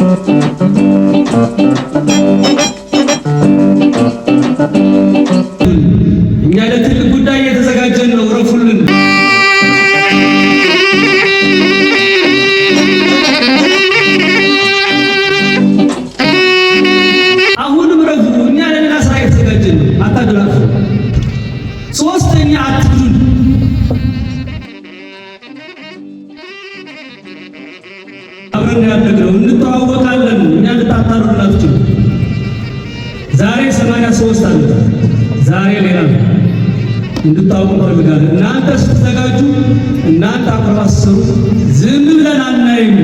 Thank you. ይላል። እንድታውቁ ፈልጋለሁ። እናንተ ስትዘጋጁ፣ እናንተ አፈራሰሩ ዝም ብለን አናይም።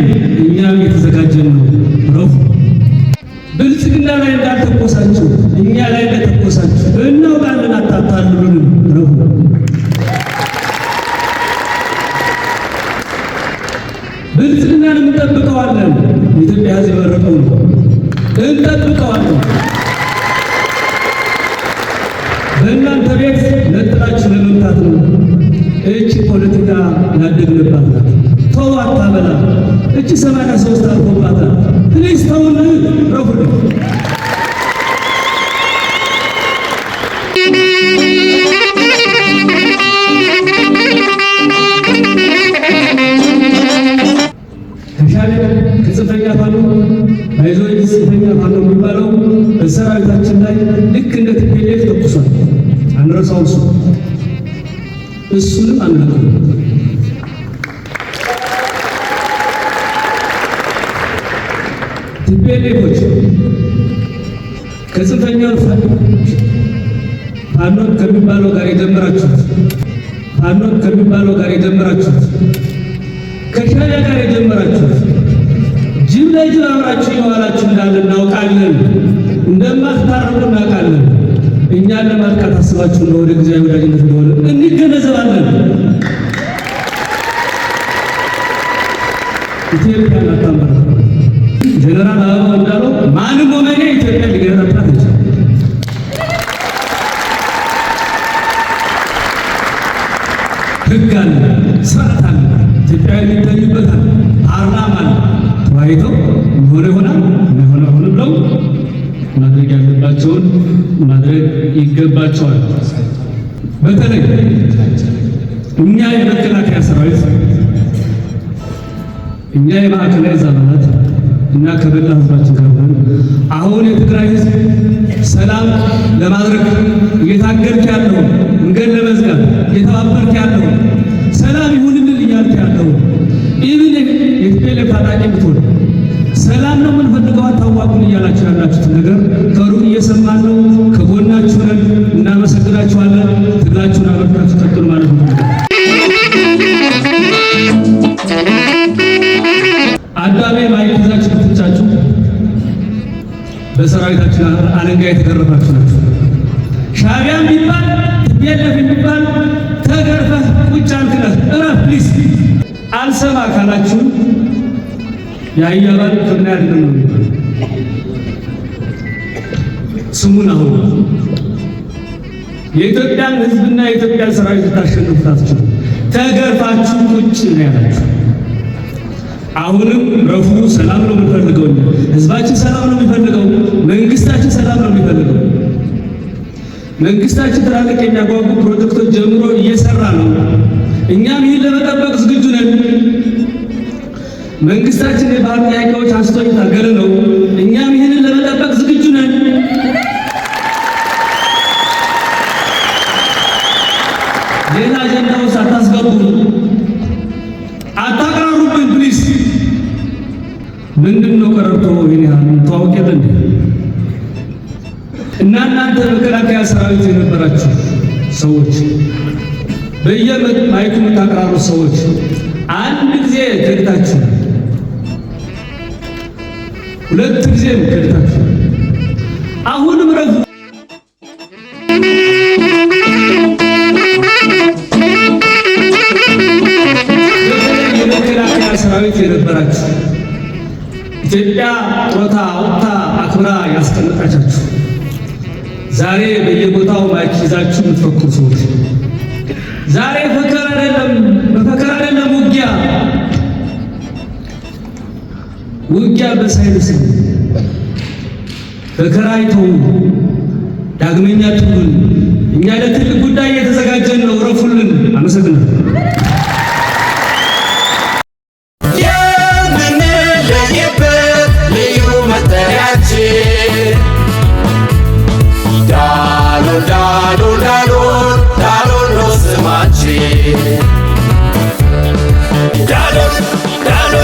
እኛም እየተዘጋጀን ነው ብለው ብልጽግና ላይ እንዳልተኮሳችሁ እኛ ላይ እንደተኮሳችሁ እናውቃለን። አታታልሉን ብለው ብልጽግናን እንጠብቀዋለን። የኢትዮጵያ ሕዝብ የመረጠው ነው፣ እንጠብቀዋለን። ቤት ነጥላችሁ ለመምታት ነው። እች ፖለቲካ ያደግንባት ናት። ተው አታበላ። እች ሰማንያ ሶስት አልፎባታል። ፕሊዝ ተውን ረፉድ ከጽንፈኛ የሚባለው በሰራዊታችን ላይ ልክ እንደ ትፔሌፍ ብረት አውሱ እሱንም አንነካው። ቲፒኤልኤፎች ከጽንፈኛው ፋኖ ከሚባለው ጋር የጀመራችሁት ፋኖ ከሚባለው ጋር የጀመራችሁት ከሻዕቢያ ጋር የጀመራችሁት ጅብ ለጅብ አብራችሁ የዋላችሁ እንዳለ እናውቃለን። እንደማትታረቁ እናውቃለን። እኛን ለማጥቃት አስባችሁ እንደሆነ እግዚአብሔር ወዳጅነት እንደሆነ እንገነዘባለን። ኢትዮጵያ አታምራ። ጀነራል አበባ እንዳለው ማንም ወመኔ ኢትዮጵያ ሊገነጣት ይችላል። ህግ አለ፣ ስርዓት አለ፣ ኢትዮጵያ የሚታዩበታል፣ ፓርላማ አለ። ተወያይተው የሆነ ይሆናል የሆነ ሆነ ብለው ማድረግ ያለባቸውን ማድረግ ይገባቸዋል። በተለይ እኛ የመከላከያ ሰራዊት እኛ የማዕከላዊ አባላት እና ከበላ ህዝባችን ጋር ሆነን አሁን የትግራይ ህዝብ ሰላም ለማድረግ እየታገልክ ያለው መንገድ ለመዝጋት እየተባበርክ ያለው ሰላም ይሁንልን እያልክ ያለው ኢብን የትፔሌፍ ታጣቂ ብትሆን ሰላም ነው የምንፈልገው አታዋቁን እያላችሁ ያላችሁት ነገር ከሩቅ እየሰማን ነው። አለንጋ የተገረፋችሁ ናት። ሻቢያም ቢባል ትቤለፍ የሚባል ተገርፈህ ቁጭ አልክለህ እረፍ ፕሊስ አልሰማ ካላችሁ የአያባል ፍና ያድነ ነው ስሙን አሁን የኢትዮጵያን ህዝብና የኢትዮጵያን ሰራዊት ልታሸንፉ ተገርፋችሁ ቁጭ ነው ያላችሁ። አሁንም ረፉ ሰላም ነው የሚፈልገው። ህዝባችን ሰላም ነው የሚፈልገው። መንግስታችን ሰላም ነው የሚፈልገው። መንግስታችን ትላልቅ የሚያጓጉ ፕሮጀክቶች ጀምሮ እየሰራ ነው። እኛም ይህን ለመጠበቅ ዝግጁ ነን። መንግስታችን የባህል ጥያቄዎች አንስቶ የታገለ ነው። እኛም ምንድን ነው ቀረርቶ ይሄን ያህል ታወቅ የለ እንዴ? እና እናንተ መከላከያ ሰራዊት የነበራችሁ ሰዎች በየማይኩ የምታቀራሩ ሰዎች አንድ ጊዜ ከድታችሁ፣ ሁለት ጊዜ ከድታችሁ፣ አሁንም ረፍ የመከላከያ ሰራዊት የነበራችሁ ኢትዮጵያ ጡረታ አውጥታ አክብራ ያስቀመጣቻችሁ ዛሬ በየቦታው ማይክ ይዛችሁ የምትፈክሩ ሰዎች ዛሬ ፈከራ አይደለም፣ በፈከራ አይደለም ውጊያ ውጊያ በሳይንስ ፈከራ ዳግመኛ ትሁን። እኛ ለትልቅ ጉዳይ እየተዘጋጀን ነው። ረፉልን። አመሰግናለሁ። Ya